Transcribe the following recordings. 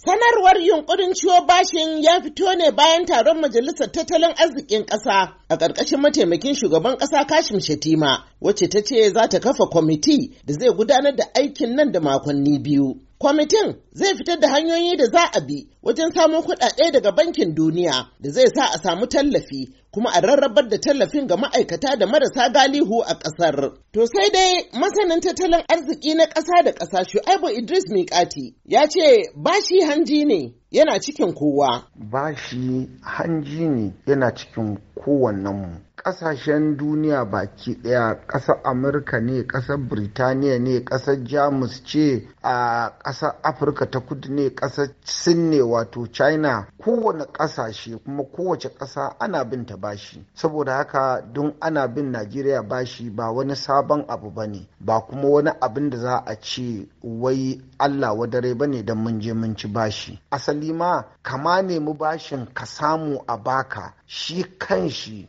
Sanarwar yunkurin ciwo bashin ya fito ne bayan taron majalisar tattalin arzikin ƙasa a ƙarƙashin mataimakin shugaban ƙasa Kashim Shatima, wacce ta ce za ta kafa kwamiti da zai gudanar da aikin nan da makonni biyu. Kwamitin zai fitar da hanyoyi da za a bi wajen samo kuɗaɗe daga bankin duniya da zai sa a samu tallafi kuma a rarrabar da tallafin ga ma'aikata da marasa galihu a ƙasar. To sai dai masanin tattalin arziki na ƙasa da ƙasa Shu'aibu Idris Miƙati ya ce bashi hanji ne yana cikin kowa. Bashi hanji ne yana cikin kowannenmu. kasashen duniya baki daya kasar amurka ne kasar birtaniya ne kasar jamus ce a kasar afirka ta kudu ne kasar sin ne wato china kowane kasashe kuma kowace kasa ana bin ta bashi saboda haka don ana bin najeriya bashi ba wani sabon abu ba ne ba kuma wani abin da za a ce wai allah wadare ba ne don mun je mun ci bashi asali ma kama nemi bashin ka samu a baka shi kan shi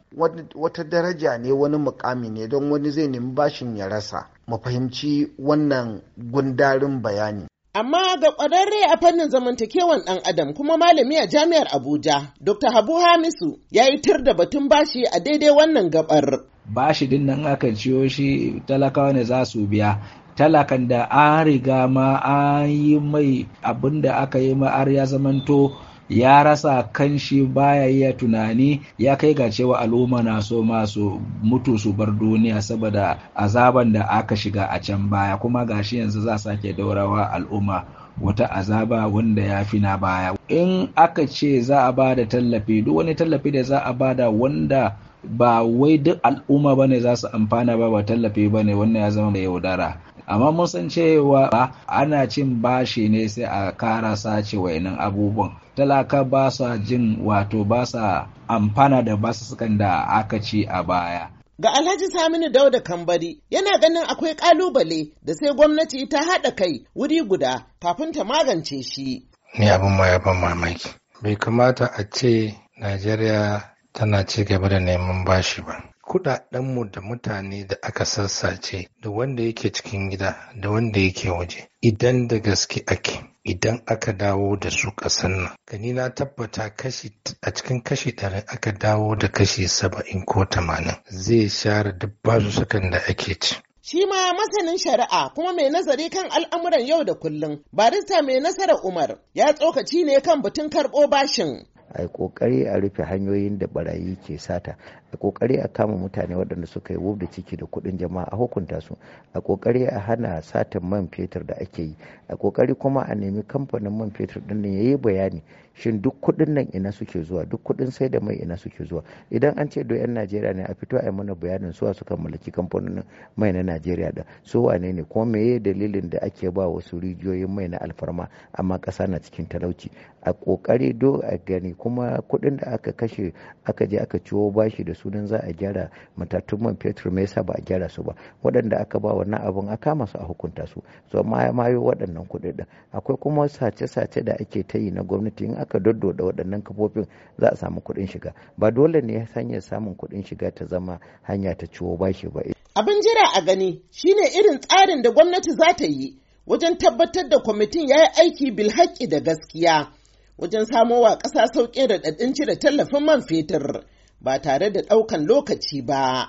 wata daraja ne wani mukami ne don wani zai nemi bashin ya rasa mu fahimci wannan gundarin bayani Amma ga ƙwararre a fannin zamantakewan ɗan adam kuma malami a jami'ar Abuja, Dr. Habu Hamisu ya yi tir da batun bashi a daidai wannan gabar. Bashi din nan aka ciyo shi talakawa ne za su biya. Talakan da an riga ma an yi mai abin da aka yi ma ya zamanto ya rasa kanshi baya iya tunani ya kai ga cewa al'umma na so masu mutu su bar duniya saboda azaban da aka shiga a can baya kuma gashi yanzu za sake daurawa al'umma wata azaba wanda ya fi na baya in aka ce za a ba da tallafi duk wani tallafi da za a ba da wanda ba wai duk al'umma ba ne za su amfana ba ba tallafi ba ne wannan ya zama da yaudara amma mun san cewa ana cin bashi ne sai a kara sace wainan abubuwan talaka ba sa jin wato ba sa amfana da sukan da aka ci a baya Ga Alhaji Saminu Dauda Kambari yana ganin akwai ƙalubale da sai gwamnati ta haɗa kai wuri guda kafin ta magance shi. Ni abin ma ya ban mamaki. Bai kamata a ce Najeriya tana ci gaba da neman bashi ba. kuɗaɗenmu da mutane da aka sassace da wanda yake cikin gida da wanda yake waje idan da gaske ake idan aka dawo da su ƙasar nan gani na tabbata kashi a cikin kashi ɗari aka dawo da kashi saba'in ko tamanin zai share duk sukan da ake ci Shi ma masanin shari'a kuma mai nazari kan al'amuran yau da kullum, barista mai nasarar Umar ya tsokaci ne kan batun karɓo bashin a yi kokari a rufe hanyoyin da barayi ke sata a kokari a kama mutane waɗanda suka yi wub da ciki da kuɗin jama'a a hukunta su a kokari a hana satin man fetur da ake yi a kokari kuma a nemi kamfanin man fetur ɗin ya yi bayani shin duk kuɗin nan ina suke zuwa duk kuɗin sai da mai ina suke zuwa idan an ce do 'yan najeriya ne a fito a yi mana bayanin suwa suka mallaki kamfanonin mai na najeriya da su wane ne kuma meye dalilin da ake ba wasu rijiyoyin mai na alfarma amma ƙasa na cikin talauci a kokari do a gani kuma kuɗin da aka kashe aka je aka ciwo bashi da sunan za a gyara matatun man fetur me yasa ba a gyara su ba waɗanda aka ba wannan abin a kama su a hukunta su so ma mayo waɗannan kuɗaɗen akwai kuma sace-sace da ake ta yi na gwamnati in aka doddoda waɗannan kafofin za a samu kuɗin shiga ba dole ne hanyar samun kuɗin shiga ta zama hanya ta ciwo bashi ba abin jira a gani shine irin tsarin da gwamnati za ta yi wajen tabbatar da kwamitin ya yi aiki bilhaƙi da gaskiya wajen samo wa ƙasa sauƙi da ɗaɗin cire tallafin man fetur ba tare da ɗaukan lokaci ba.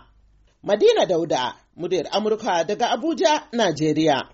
Madina Dauda, muryar Amurka daga Abuja, Najeriya.